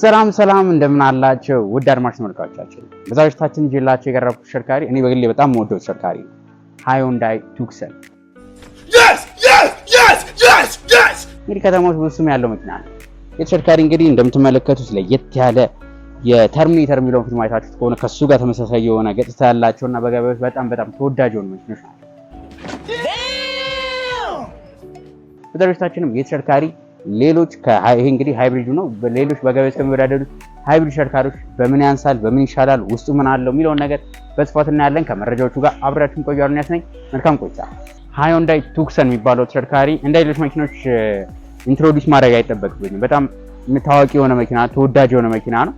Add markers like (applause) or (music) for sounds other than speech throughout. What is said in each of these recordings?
ሰላም ሰላም እንደምን አላቸው ውድ አድማጭ ተመልካቾቻችን፣ በዛሬታችን ይዤላችሁ የቀረብኩት ተሽከርካሪ እኔ በግሌ በጣም የምወደው ተሽከርካሪ ሃዮንዳይ ቱክሰን። እንግዲህ ከተማ ብዙ ስም ያለው መኪና ነው። የተሽከርካሪ እንግዲህ እንደምትመለከቱት ለየት ያለ የተርሚኔተር የሚለውን ፊልም አይታችሁት ከሆነ ከሱ ጋር ተመሳሳይ የሆነ ገጽታ ያላቸው እና በገበያዎች በጣም በጣም ተወዳጅ የሆኑ መኪኖች ናቸው። በዛሬታችንም የተሽከርካሪ ሌሎች ይሄ እንግዲህ ሃይብሪድ ነው። ሌሎች በገበያ ከሚወዳደሩት ሃይብሪድ ሸርካሪዎች በምን ያንሳል፣ በምን ይሻላል፣ ውስጡ ምን አለው የሚለውን ነገር በስፋት እናያለን። ከመረጃዎቹ ጋር አብራችሁን ቆዩ። አሉን ያስነኝ መልካም ቆይታ። ሃዮንዳይ ቱክሰን የሚባለው ተሽከርካሪ እንደ ሌሎች መኪኖች ኢንትሮዲስ ማድረግ አይጠበቅብኝም። በጣም ታዋቂ የሆነ መኪና፣ ተወዳጅ የሆነ መኪና ነው።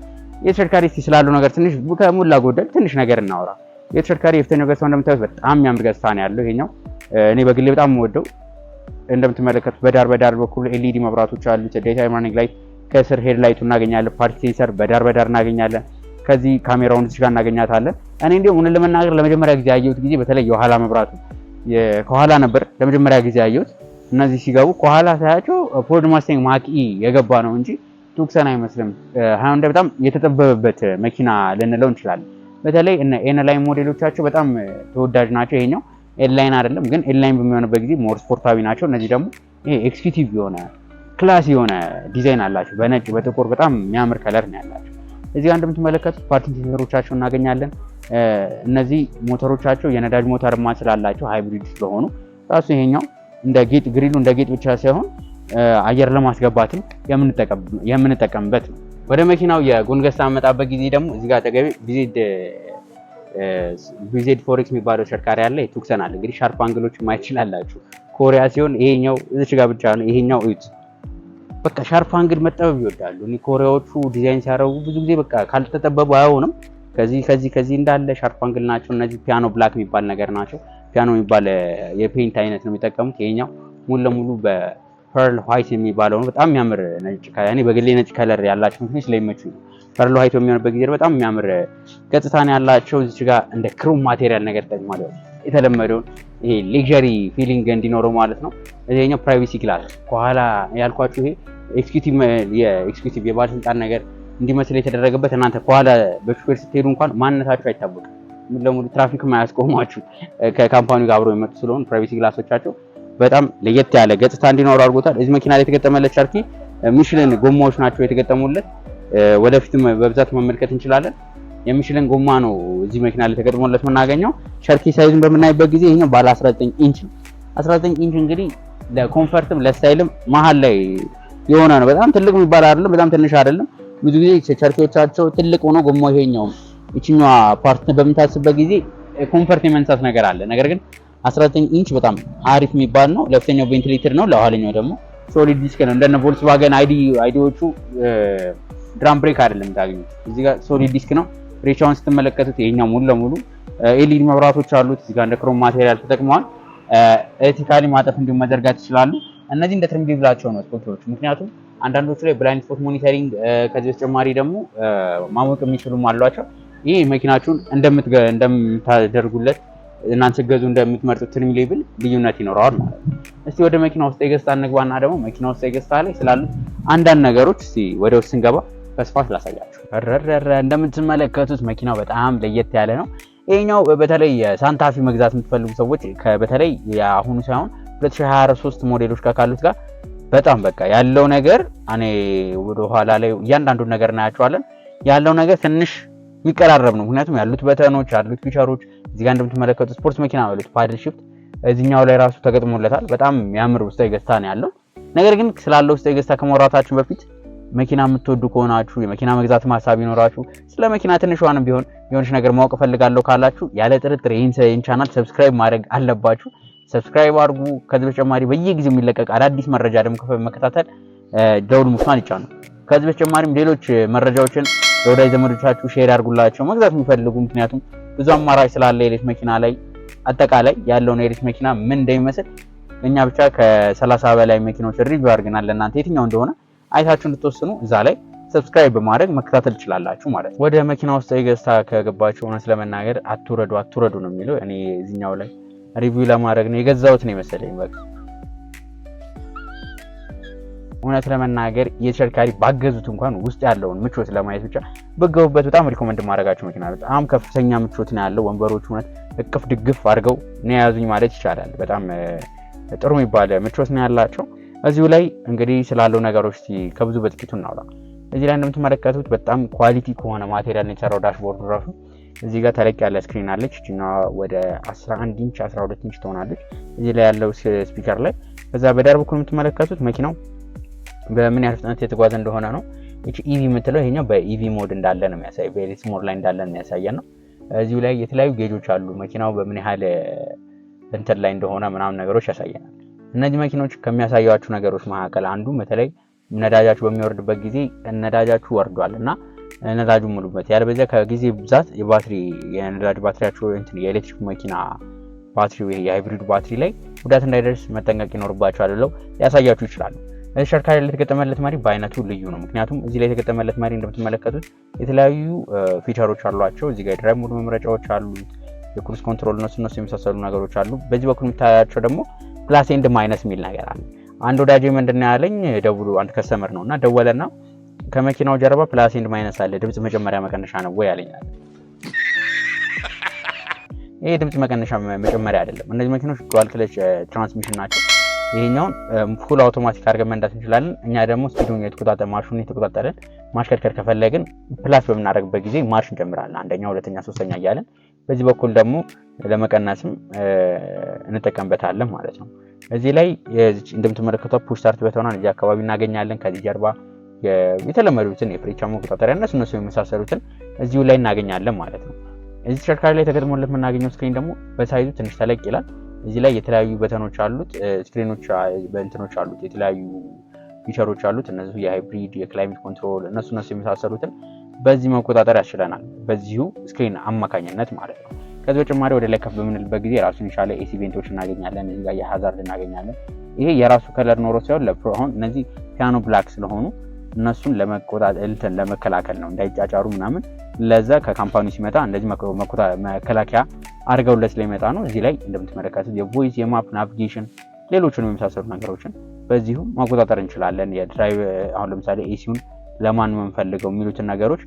የተሽከርካሪ እስኪ ስላለው ነገር ትንሽ ከሞላ ጎደል ትንሽ ነገር እናውራ። የተሽከርካሪ የፊተኛው ገጽታው እንደምታዩት በጣም የሚያምር ገጽታ ነው ያለው። ይሄኛው እኔ በግሌ በጣም የምወደው እንደምትመለከቱት በዳር በዳር በኩል ኤልኢዲ መብራቶች አሉት። ዴይ ማኒንግ ላይት ከስር ሄድ ላይቱ እናገኛለን። ፓርቲ ሴንሰር በዳር በዳር እናገኛለን። ከዚህ ካሜራውን እዚህ ጋር እናገኛታለን። እኔ እንዲሁም እውነት ለመናገር ለመጀመሪያ ጊዜ ያየሁት ጊዜ በተለይ የኋላ መብራቱ ከኋላ ነበር ለመጀመሪያ ጊዜ ያየሁት። እነዚህ ሲገቡ ከኋላ ሳያቸው ፎርድ ማስቴንግ ማኪ የገባ ነው እንጂ ቱክሰን አይመስልም። ሀንደ በጣም የተጠበበበት መኪና ልንለው እንችላለን። በተለይ እነ ኤን ላይን ሞዴሎቻቸው በጣም ተወዳጅ ናቸው። ይሄኛው ኤድላይን አይደለም ግን ኤድላይን በሚሆንበት ጊዜ ሞር ስፖርታዊ ናቸው። እነዚህ ደግሞ ይሄ ኤክስኪዩቲቭ የሆነ ክላስ የሆነ ዲዛይን አላቸው። በነጭ በጥቁር በጣም የሚያምር ከለር ነው ያላቸው። እዚህ ጋር እንደምትመለከቱት ፓርቲንግ ሴንሰሮቻቸው እናገኛለን። እነዚህ ሞተሮቻቸው የነዳጅ ማ ስላላቸው ሃይብሪድ ስለሆኑ ራሱ ይሄኛው እንደ ጌጥ ግሪሉ እንደ ጌጥ ብቻ ሳይሆን አየር ለማስገባትም የምንጠቀምበት ነው። ወደ መኪናው የጎን መጣበት ጊዜ ደግሞ እዚህ ጋር አጠገቤ ቪዜድ ፎሬክስ የሚባለው ተሽከርካሪ አለ። ቱክሰን አለ። እንግዲህ ሻርፕ አንግሎች ማየት ትችላላችሁ። ኮሪያ ሲሆን ይሄኛው እዚች ጋር ብቻ ነው። ይሄኛው እዩት። በቃ ሻርፕ አንግል መጠበብ ይወዳሉ። እኔ ኮሪያዎቹ ዲዛይን ሲያደርጉ ብዙ ጊዜ በቃ ካልተጠበቡ አይሆንም። ከዚህ ከዚህ ከዚህ እንዳለ ሻርፕ አንግል ናቸው እነዚህ። ፒያኖ ብላክ የሚባል ነገር ናቸው። ፒያኖ የሚባል የፔንት አይነት ነው የሚጠቀሙት። ይሄኛው ሙሉ ለሙሉ በፐርል ዋይት የሚባለው ነው። በጣም የሚያምር ነጭ። እኔ በግሌ ነጭ ከለር ያላቸው ምክንያት ስለሚመቹ ነው። ፈርሎ ሀይቶ የሚሆንበት ጊዜ በጣም የሚያምር ገጽታን ያላቸው። እዚች ጋር እንደ ክሩም ማቴሪያል ነገር ጠቅማል። የተለመደውን ይሄ ሌክዠሪ ፊሊንግ እንዲኖረው ማለት ነው። እዚህኛው ፕራይቬሲ ግላስ ከኋላ ያልኳችሁ ይሄ ኤክስኪዩቲቭ የባለስልጣን ነገር እንዲመስል የተደረገበት እናንተ ከኋላ በሹፌር ስትሄዱ እንኳን ማንነታችሁ አይታወቅም። ሙሉ ለሙሉ ትራፊክ ማያስቆማችሁ ከካምፓኒው ጋር አብረው የመጡ ስለሆኑ ፕራይቬሲ ግላሶቻቸው በጣም ለየት ያለ ገጽታ እንዲኖሩ አድርጎታል። እዚህ መኪና ላይ የተገጠመለት ቻርኪ ሚሽልን ጎማዎች ናቸው የተገጠሙለት። ወደፊትም በብዛት መመልከት እንችላለን። የሚችለን ጎማ ነው እዚህ መኪና ላይ ተገጥሞለት የምናገኘው። ሸርኪ ሳይዙን በምናይበት ጊዜ ይሄኛው ባለ 19 ኢንች 19 ኢንች እንግዲህ ለኮንፈርትም ለስታይልም መሀል ላይ የሆነ ነው። በጣም ትልቅ የሚባል አይደለም፣ በጣም ትንሽ አይደለም። ብዙ ጊዜ ቸርኪዎቻቸው ትልቅ ሆኖ ጎማ ይሄኛው ይችኛዋ ፓርት በምታስበት ጊዜ ኮንፈርት የመንሳት ነገር አለ። ነገር ግን 19 ኢንች በጣም አሪፍ የሚባል ነው። ለፍተኛው ቬንትሌተር ነው፣ ለኋለኛው ደግሞ ሶሊድ ዲስክ ነው። እንደነ ቮልክስዋገን አይዲዎቹ ድራም ብሬክ አይደለም ታገኙት። እዚህ ጋር ሶሊድ ዲስክ ነው። ሬቻውን ስትመለከቱት ይሄኛው ሙሉ ለሙሉ ኤልኢዲ መብራቶች አሉት። እዚህ ጋር እንደ ክሮም ማቴሪያል ተጠቅመዋል። ኤቲካሊ ማጠፍ እንዲሁም መዘርጋት ይችላሉ። እነዚህ እንደ ትርምቢ ብላቸው ነው ስፖርቶች። ምክንያቱም አንዳንዶቹ ላይ ብላይንድ ስፖት ሞኒተሪንግ፣ ከዚህ በተጨማሪ ደግሞ ማሞቅ የሚችሉም አሏቸው። ይህ መኪናችሁን እንደምታደርጉለት እናንተ ገዙ እንደምትመርጡት ትርሚ ሌብል ልዩነት ይኖረዋል ማለት ነው። እስቲ ወደ መኪና ውስጥ የገጽታ እንግባና ደግሞ መኪና ውስጥ የገጽታ ላይ ስላሉት አንዳንድ ነገሮች እስቲ ወደ ውስጥ ስንገባ በስፋት ላሳያችሁ። ረረረ እንደምትመለከቱት መኪናው በጣም ለየት ያለ ነው። ይህኛው በተለይ ሳንታፊ መግዛት የምትፈልጉ ሰዎች በተለይ የአሁኑ ሳይሆን 2023 ሞዴሎች ጋር ካሉት ጋር በጣም በቃ ያለው ነገር እኔ ወደኋላ ላይ እያንዳንዱን ነገር እናያቸዋለን። ያለው ነገር ትንሽ የሚቀራረብ ነው። ምክንያቱም ያሉት በተኖች ያሉት ፊቸሮች እዚጋ እንደምትመለከቱ ስፖርት መኪና ያሉት ፓድል ሺፍት እዚህኛው ላይ ራሱ ተገጥሞለታል። በጣም የሚያምር ውስጣዊ ገጽታ ነው ያለው። ነገር ግን ስላለው ውስጣዊ ገጽታ ከመውራታችን በፊት መኪና የምትወዱ ከሆናችሁ የመኪና መግዛት ሀሳብ ይኖራችሁ፣ ስለ መኪና ትንሿንም ቢሆን የሆነች ነገር ማወቅ እፈልጋለሁ ካላችሁ ያለ ጥርጥር ይህን ቻናል ሰብስክራይብ ማድረግ አለባችሁ። ሰብስክራይብ አድርጉ። ከዚህ በተጨማሪ በየጊዜው የሚለቀቅ አዳዲስ መረጃ ደግሞ ከፈ መከታተል ደውል ሙሷን ይጫኑ። ከዚህ በተጨማሪም ሌሎች መረጃዎችን ለወዳጅ ዘመዶቻችሁ ሼር አድርጉላቸው መግዛት የሚፈልጉ ምክንያቱም ብዙ አማራጭ ስላለ የኤሌት መኪና ላይ አጠቃላይ ያለውን የኤሌት መኪና ምን እንደሚመስል እኛ ብቻ ከ30 በላይ መኪኖች ሪቪው አድርገናል ለእናንተ የትኛው እንደሆነ አይታችሁ እንድትወስኑ እዛ ላይ ሰብስክራይብ በማድረግ መከታተል ትችላላችሁ ማለት ነው። ወደ መኪና ውስጥ ገዝታ ከገባችሁ እውነት ለመናገር አትውረዱ አትውረዱ ነው የሚለው። እኔ እዚኛው ላይ ሪቪው ለማድረግ ነው የገዛሁት ነው የመሰለኝ። በቃ እውነት ለመናገር የተሽከርካሪ ባገዙት እንኳን ውስጥ ያለውን ምቾት ለማየት ብቻ በገቡበት በጣም ሪኮመንድ ማድረጋቸው መኪና በጣም ከፍተኛ ምቾት ነው ያለው። ወንበሮቹ እውነት እቅፍ ድግፍ አድርገው ነው የያዙኝ ማለት ይቻላል። በጣም ጥሩ የሚባል ምቾት ነው ያላቸው። እዚሁ ላይ እንግዲህ ስላለው ነገሮች ከብዙ በጥቂቱ እናውራ። እዚህ ላይ እንደምትመለከቱት በጣም ኳሊቲ ከሆነ ማቴሪያል የተሰራው ዳሽቦርዱ ራሱ እዚህ ጋር ተለቅ ያለ ስክሪን አለች። እችኛ ወደ 11 ኢንች 12 ኢንች ትሆናለች። እዚህ ላይ ያለው ስፒከር ላይ ከዛ በዳር በኩል የምትመለከቱት መኪናው በምን ያህል ፍጥነት የተጓዘ እንደሆነ ነው። ይቺ ኢቪ e የምትለው ይሄኛው በኢቪ ሞድ እንዳለ ነው የሚያሳይ በኤሌክትሪክ ሞድ ላይ እንዳለ ነው የሚያሳየን ነው። እዚሁ ላይ የተለያዩ ጌጆች አሉ። መኪናው በምን ያህል እንትን ላይ እንደሆነ ምናምን ነገሮች ያሳየናል። እነዚህ መኪኖች ከሚያሳያችሁ ነገሮች መካከል አንዱ በተለይ ነዳጃችሁ በሚወርድበት ጊዜ ነዳጃችሁ ወርዷል እና ነዳጁ ሙሉበት ያለበዚያ ከጊዜ ብዛት የባትሪ የነዳጅ ባትሪያቸው እንትን የኤሌክትሪክ መኪና ባትሪ የሃይብሪድ ባትሪ ላይ ጉዳት እንዳይደርስ መጠንቀቅ ይኖርባቸው ብለው ሊያሳያችሁ ይችላሉ። ተሽከርካሪ ላይ የተገጠመለት መሪ በአይነቱ ልዩ ነው። ምክንያቱም እዚህ ላይ የተገጠመለት መሪ እንደምትመለከቱት የተለያዩ ፊቸሮች አሏቸው። እዚህ ጋር ድራይቭ ሞድ መምረጫዎች አሉ፣ የክሩዝ ኮንትሮል ነው ስነሱ የመሳሰሉ ነገሮች አሉ። በዚህ በኩል የምታያቸው ደግሞ ፕላስ ኤንድ ማይነስ የሚል ነገር አለ። አንድ ወዳጅ ምንድና ያለኝ ደውሎ አንድ ከስተመር ነው እና ና ከመኪናው ጀርባ ፕላስ ኤንድ ማይነስ አለ ድምፅ መጨመሪያ መቀነሻ ነው ወይ ያለኛል። ይሄ ድምፅ መቀነሻ መጨመሪያ አይደለም። እነዚህ መኪኖች ዱዋል ክለች ትራንስሚሽን ናቸው። ይሄኛውን ፉል አውቶማቲክ አድርገን መንዳት እንችላለን። እኛ ደግሞ ስፒዱን የተቆጣጠ ማርሹን የተቆጣጠረን ማሽከርከር ከፈለግን ፕላስ በምናደረግበት ጊዜ ማርሽ እንጀምራለን አንደኛ፣ ሁለተኛ፣ ሶስተኛ እያለን በዚህ በኩል ደግሞ ለመቀነስም እንጠቀምበታለን ማለት ነው። እዚህ ላይ እንደምትመለከተው ፑሽ ስታርት በተሆናል እዚህ አካባቢ እናገኛለን። ከዚህ ጀርባ የተለመዱትን የፍሬቻ መቆጣጠሪያ እነሱ እነሱ የመሳሰሉትን እዚሁ ላይ እናገኛለን ማለት ነው። እዚህ ተሽከርካሪ ላይ ተገጥሞለት የምናገኘው ስክሪን ደግሞ በሳይዙ ትንሽ ተለቅ ይላል። እዚህ ላይ የተለያዩ በተኖች አሉት፣ ስክሪኖች በእንትኖች አሉት፣ የተለያዩ ፊቸሮች አሉት። እነሱ የሃይብሪድ የክላይሜት ኮንትሮል እነሱ እነሱ የመሳሰሉትን በዚህ መቆጣጠር ያስችለናል። በዚሁ ስክሪን አማካኝነት ማለት ነው። ከዚህ በተጨማሪ ወደ ላይ ከፍ በምንልበት ጊዜ የራሱን የቻለ ኤሲ ቬንቶች እናገኛለን። እዚህ ጋር የሀዛርድ እናገኛለን። ይሄ የራሱ ከለር ኖሮ ሲሆን ለፕሮ አሁን እነዚህ ፒያኖ ብላክ ስለሆኑ እነሱን ለመቆጣልትን ለመከላከል ነው እንዳይጫጫሩ ምናምን። ለዛ ከካምፓኒ ሲመጣ እንደዚህ መከላከያ አድርገውለት ስለሚመጣ ነው። እዚህ ላይ እንደምትመለከቱት የቮይስ የማፕ ናቪጌሽን፣ ሌሎችን የመሳሰሉ ነገሮችን በዚሁ መቆጣጠር እንችላለን። አሁን ለምሳሌ ኤሲውን ለማን የምንፈልገው የሚሉትን ነገሮች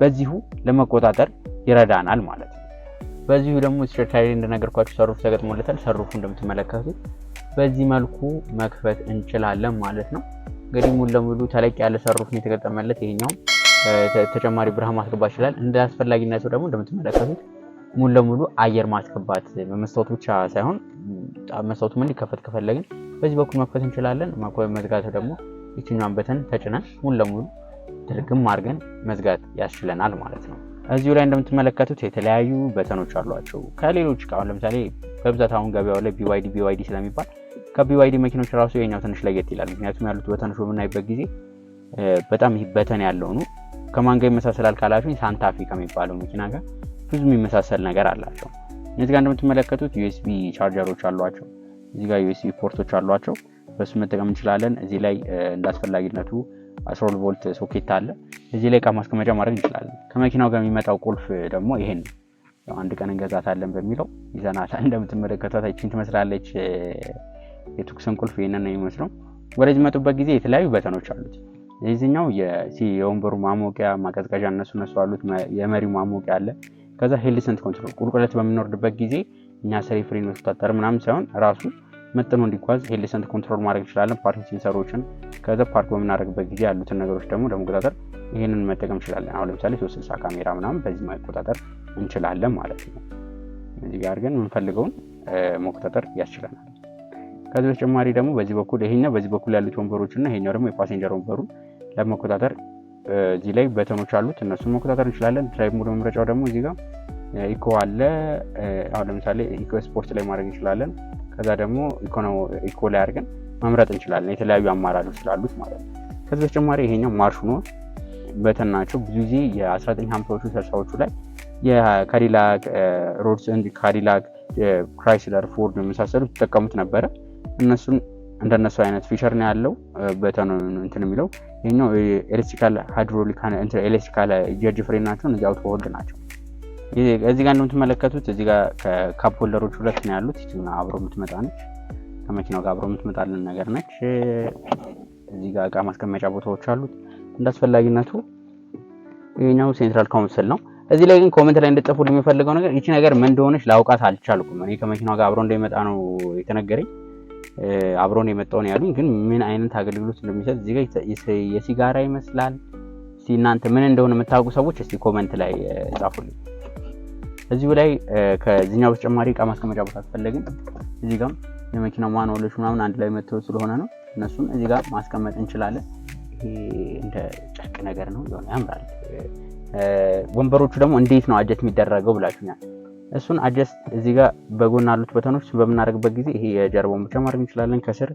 በዚሁ ለመቆጣጠር ይረዳናል ማለት ነው። በዚሁ ደግሞ ተሽከርካሪ እንደነገርኳቸው ሰሩፍ ተገጥሞለታል። ሰሩፉ እንደምትመለከቱት በዚህ መልኩ መክፈት እንችላለን ማለት ነው። እንግዲህ ሙሉ ለሙሉ ተለቅ ያለ ሰሩፍ ነው የተገጠመለት። ይሄኛው ተጨማሪ ብርሃን ማስገባት ይችላል። እንደ አስፈላጊነቱ ደግሞ እንደምትመለከቱት ሙሉ ለሙሉ አየር ማስገባት በመስታወት ብቻ ሳይሆን መስታወቱ ምን ሊከፈት ከፈለግን በዚህ በኩል መክፈት እንችላለን። መዝጋቱ ደግሞ ይችኛን በተን ተጭነን ሙሉ ለሙሉ ትርግም አድርገን መዝጋት ያስችለናል ማለት ነው። እዚሁ ላይ እንደምትመለከቱት የተለያዩ በተኖች አሏቸው። ከሌሎች አሁን ለምሳሌ በብዛት አሁን ገበያው ላይ ቢዋይዲ ቢዋይዲ ስለሚባል ከቢዋይዲ መኪኖች ራሱ የኛው ትንሽ ለየት ይላል። ምክንያቱም ያሉት በተኖች በምናይበት ጊዜ በጣም ይህ በተን ያለው ነው። ከማን ጋር ይመሳሰላል ካላችሁኝ ሳንታፊ ከሚባለው መኪና ጋር ብዙ የሚመሳሰል ነገር አላቸው። እነዚህ ጋር እንደምትመለከቱት ዩኤስቢ ቻርጀሮች አሏቸው። እዚህ ጋር ዩኤስቢ ፖርቶች አሏቸው። በሱ መጠቀም እንችላለን። እዚህ ላይ እንዳስፈላጊነቱ አስሮል ቮልት ሶኬት አለ። እዚህ ላይ እቃ ማስቀመጫ ማድረግ እንችላለን። ከመኪናው ጋር የሚመጣው ቁልፍ ደግሞ ይሄን አንድ ቀን እንገዛታለን በሚለው ይዘናል (laughs) እንደምትመለከቷት ይችን ትመስላለች። የቱክስን ቁልፍ ይህንን ነው የሚመስለው። ወደዚህ መጡበት ጊዜ የተለያዩ በተኖች አሉት። የዚህኛው የወንበሩ ማሞቂያ ማቀዝቀዣ፣ እነሱ እነሱ አሉት። የመሪ ማሞቂያ አለ። ከዛ ሄልሰንት ኮንትሮል ቁልቁለት በምንወርድበት ጊዜ እኛ ሰሪፍሪን መስታጠር ምናምን ሳይሆን ራሱ መጥኖ እንዲጓዝ ሄድ ኮንትሮል ማድረግ እንችላለን። ፓርክ ሴንሰሮችን ከዚ ፓርክ በምናደርግበት ጊዜ ያሉትን ነገሮች ደግሞ ለመቆጣጠር ይህንን መጠቀም እንችላለን። አሁን ለምሳሌ ሶስት ስልሳ ካሜራ ምናምን በዚህ መቆጣጠር እንችላለን ማለት ነው። እዚህ ጋር ግን የምንፈልገውን መቆጣጠር ያስችለናል። ከዚህ በተጨማሪ ደግሞ በዚህ በኩል ይሄኛው በዚህ በኩል ያሉት ወንበሮች እና ይሄኛው ደግሞ የፓሴንጀር ወንበሩን ለመቆጣጠር እዚህ ላይ በተኖች አሉት እነሱን መቆጣጠር እንችላለን። ድራይቭ ሞድ መምረጫው ደግሞ እዚህ ጋር ኢኮ አለ። አሁን ለምሳሌ ኢኮ ስፖርት ላይ ማድረግ እንችላለን። ከዛ ደግሞ ኢኮ ላይ አድርገን መምረጥ እንችላለን። የተለያዩ አማራጮች ስላሉት ማለት ነው። ከዚህ በተጨማሪ ይሄኛው ማርሽ ሆኖ በተናቸው ብዙ ጊዜ የ1950ዎቹ ስልሳዎቹ ላይ የካዲላክ ሮድስ ኤንድ ካዲላክ ክራይስለር ፎርድ የመሳሰሉ ይጠቀሙት ነበረ። እነሱን እንደነሱ አይነት ፊቸር ነው ያለው። በተኑ እንትን የሚለው ይህኛው ኤሌክትሪካል ሃይድሮሊካ ኤሌክትሪካል ጀርጅ ፍሬን ናቸው። እነዚህ አውቶ ሆልድ ናቸው። እዚህ ጋር እንደምትመለከቱት እዚህ ጋር ከካፕ ሁለት ነው ያሉት። ይችና አብሮ የምትመጣ ነች፣ ከመኪናው ጋር አብሮ የምትመጣልን ነገር ነች። እዚህ ጋር እቃ ማስቀመጫ ቦታዎች አሉት እንዳስፈላጊነቱ አስፈላጊነቱ። ይህኛው ሴንትራል ካውንስል ነው። እዚህ ላይ ግን ኮመንት ላይ እንድጽፉ የሚፈልገው ነገር ይቺ ነገር ምን እንደሆነች ላውቃት አልቻልኩም። እኔ ከመኪናው ጋር አብሮ እንደሚመጣ ነው የተነገረኝ። አብሮ አብሮን የመጣውን ያሉኝ ግን ምን አይነት አገልግሎት እንደሚሰጥ እዚህ ጋር የሲጋራ ይመስላል። እናንተ ምን እንደሆነ የምታውቁ ሰዎች እስቲ ኮመንት ላይ ጻፉልኝ። እዚሁ ላይ ከዚኛው በተጨማሪ እቃ ማስቀመጫ ቦታ አስፈለግን። እዚህ ጋም የመኪና ማኖሎች ምናምን አንድ ላይ መተው ስለሆነ ነው። እነሱን እዚህ ጋር ማስቀመጥ እንችላለን። ይሄ እንደ ጨርቅ ነገር ነው ሆነ ያምራል። ወንበሮቹ ደግሞ እንዴት ነው አጀት የሚደረገው ብላችኛል እሱን አጀስት እዚህ ጋር በጎን አሉት በተኖች በምናደርግበት ጊዜ ይሄ የጀርባውን ብቻ ማድረግ እንችላለን። ከስር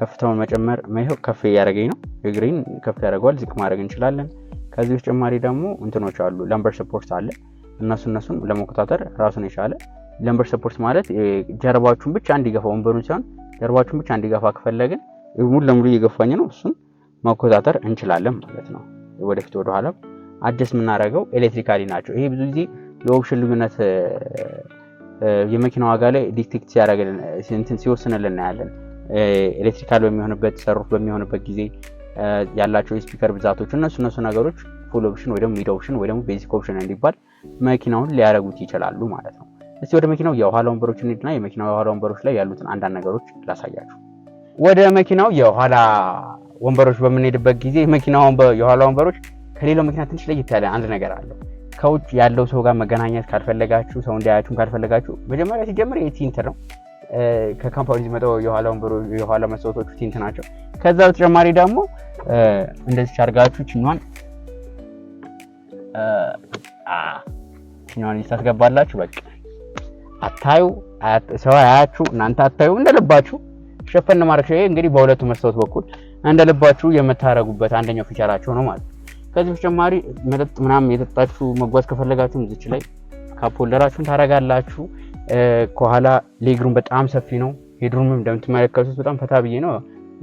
ከፍታውን መጨመር ይኸው ከፍ እያደረገኝ ነው። እግሬን ከፍ ያደረገዋል ዝቅ ማድረግ እንችላለን። ከዚህ በተጨማሪ ደግሞ እንትኖች አሉ። ለምበር ስፖርት አለ እነሱ እነሱን ለመቆጣጠር ራሱን የቻለ ለምበር ሰፖርት ማለት ጀርባችሁን ብቻ እንዲገፋ ወንበሩን ሲሆን ጀርባችሁን ብቻ እንዲገፋ ከፈለግን ሙሉ ለሙሉ እየገፋኝ ነው፣ እሱን መቆጣጠር እንችላለን ማለት ነው። ወደፊት ወደኋላ አጀስ የምናደረገው ኤሌክትሪካሊ ናቸው። ይሄ ብዙ ጊዜ የኦፕሽን ልዩነት የመኪና ዋጋ ላይ ዲክቴክት ሲያደረግልን እንትን ሲወስንልን እናያለን። ኤሌክትሪካል በሚሆንበት ሰሩፍ በሚሆንበት ጊዜ ያላቸው የስፒከር ብዛቶች እነሱ እነሱ ነገሮች ፉል ኦፕሽን ወይ ደግሞ ሚድ ኦፕሽን ወይ ደግሞ ቤዚክ ኦፕሽን እንዲባል መኪናውን ሊያደርጉት ይችላሉ ማለት ነው። እስቲ ወደ መኪናው የኋላ ወንበሮች እንሂድና የመኪናው የኋላ ወንበሮች ላይ ያሉትን አንዳንድ ነገሮች ላሳያችሁ። ወደ መኪናው የኋላ ወንበሮች በምንሄድበት ጊዜ መኪናው የኋላ ወንበሮች ከሌላው መኪና ትንሽ ለየት ያለ አንድ ነገር አለው። ከውጭ ያለው ሰው ጋር መገናኘት ካልፈለጋችሁ፣ ሰው እንዲያያችሁም ካልፈለጋችሁ መጀመሪያ ሲጀምር ይህ ቲንት ነው። ከካምፓኒ መጠው የኋላ ወንበሮ የኋላ መስታወቶቹ ቲንት ናቸው። ከዛ በተጨማሪ ደግሞ እንደዚች አድርጋችሁ ችኗን ኛውን ታስገባላችሁ። በቃ አታዩ ሰው አያችሁ፣ እናንተ አታዩ፣ እንደልባችሁ ሸፈን ማድረግ ይሄ እንግዲህ በሁለቱ መስታወት በኩል እንደልባችሁ የምታረጉበት አንደኛው ፊቸራቸው ነው ማለት። ከዚህ በተጨማሪ መጠጥ ምናምን የጠጣችሁ መጓዝ ከፈለጋችሁ እዚች ላይ ካፖለራችሁን ታረጋላችሁ። ከኋላ ሌግሩም በጣም ሰፊ ነው። ሄድሩምም እንደምትመለከቱት በጣም ፈታ ብዬ ነው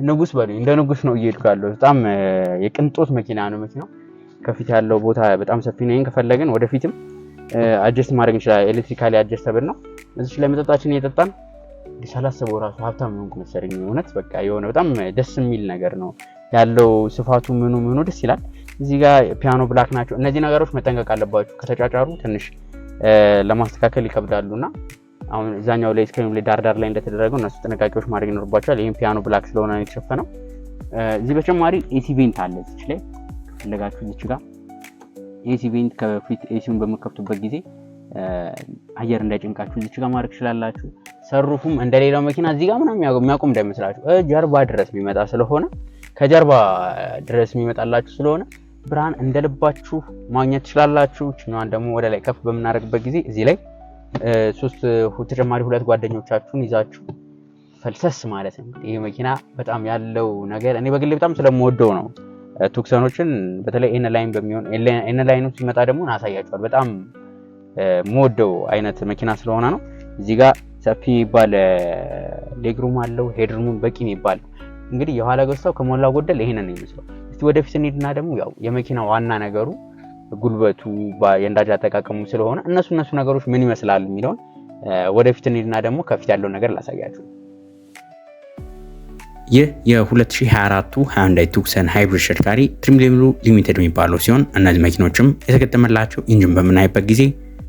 ንጉስ በሉ እንደ ንጉስ ነው እየሄድኩ ያለሁት። በጣም የቅንጦት መኪና ነው መኪናው ከፊት ያለው ቦታ በጣም ሰፊ ነው። ከፈለግን ወደፊትም አጀስት ማድረግ እንችላለን። ኤሌክትሪካሊ አጀስተብል ነው። እዚች ላይ መጠጣችን እየጠጣን ሳላሰበው ራሱ ሀብታም ሆንኩ መሰለኝ። እውነት በቃ የሆነ በጣም ደስ የሚል ነገር ነው ያለው። ስፋቱ ምኑ ምኑ ደስ ይላል። እዚህ ጋር ፒያኖ ብላክ ናቸው። እነዚህ ነገሮች መጠንቀቅ አለባቸው ከተጫጫሩ ትንሽ ለማስተካከል ይከብዳሉ እና አሁን እዛኛው ላይ ስክሪኑ ላይ ዳርዳር ላይ እንደተደረገው እነሱ ጥንቃቄዎች ማድረግ ይኖርባቸዋል። ይህም ፒያኖ ብላክ ስለሆነ የተሸፈነው። እዚህ በተጨማሪ ኤሲ ቬንት አለ እዚች ላይ ከፈለጋችሁ እዚች ጋር ኤሲ ቬንት ከፊት ኤሲውን በምከፍቱበት ጊዜ አየር እንዳይጭንቃችሁ እዚች ጋር ማድረግ ትችላላችሁ። ሰሩፉም እንደሌላው መኪና እዚህ ጋር ምናምን የሚያቆም እንዳይመስላችሁ ጀርባ ድረስ የሚመጣ ስለሆነ ከጀርባ ድረስ የሚመጣላችሁ ስለሆነ ብርሃን እንደልባችሁ ማግኘት ትችላላችሁ። ችኛዋን ደግሞ ወደ ላይ ከፍ በምናደርግበት ጊዜ እዚህ ላይ ሶስት ተጨማሪ ሁለት ጓደኞቻችሁን ይዛችሁ ፈልሰስ ማለት ነው። ይህ መኪና በጣም ያለው ነገር እኔ በግሌ በጣም ስለምወደው ነው ቱክሰኖችን በተለይ ኤን ላይን በሚሆን ኤን ላይኑ ሲመጣ ደግሞ አሳያቸዋል። በጣም የምወደው አይነት መኪና ስለሆነ ነው። እዚህ ጋር ሰፊ የሚባል ሌግሩም አለው። ሄድሩሙን በቂ የሚባል እንግዲህ የኋላ ገጽታው ከሞላ ጎደል ይሄንን ነው የሚመስለው። እስቲ ወደፊት እንሂድና ደግሞ ያው የመኪና ዋና ነገሩ ጉልበቱ የእንዳጅ አጠቃቀሙ ስለሆነ እነሱ እነሱ ነገሮች ምን ይመስላል የሚለውን ወደፊት እንሂድና ደግሞ ከፊት ያለው ነገር ላሳያችሁ። ይህ የ2024 ሃንዳይ ቱክሰን ሃይብሪድ ተሽከርካሪ ትሪም ሌቭሉ ሊሚቴድ የሚባለው ሲሆን እነዚህ መኪኖችም የተገጠመላቸው ኢንጂን በምናይበት ጊዜ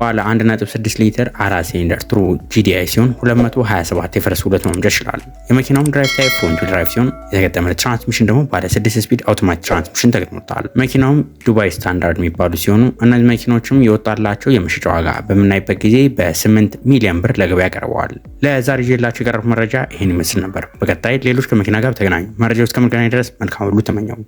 ባለ 1.6 ሊትር አራት ሲሊንደር ትሩ ጂዲአይ ሲሆን 227 የፈረስ ሁለት ማምጃ ይችላል። የመኪናውም ድራይቭ ታይፕ ፍሮንት ድራይቭ ሲሆን የተገጠመለት ትራንስሚሽን ደግሞ ባለ 6 ስፒድ አውቶማቲክ ትራንስሚሽን ተገጥሞታል። መኪናውም ዱባይ ስታንዳርድ የሚባሉ ሲሆኑ እነዚህ መኪናዎችም የወጣላቸው የመሸጫ ዋጋ በምናይበት ጊዜ በ8 ሚሊዮን ብር ለገበያ ቀርበዋል። ለዛሬ ይዤላችሁ የቀረቡት መረጃ ይህን ይመስል ነበር። በቀጣይ ሌሎች ከመኪና ጋር ተገናኙ ውስጥ እስከምንገናኝ ድረስ መልካም ሁሉ ተመኘው።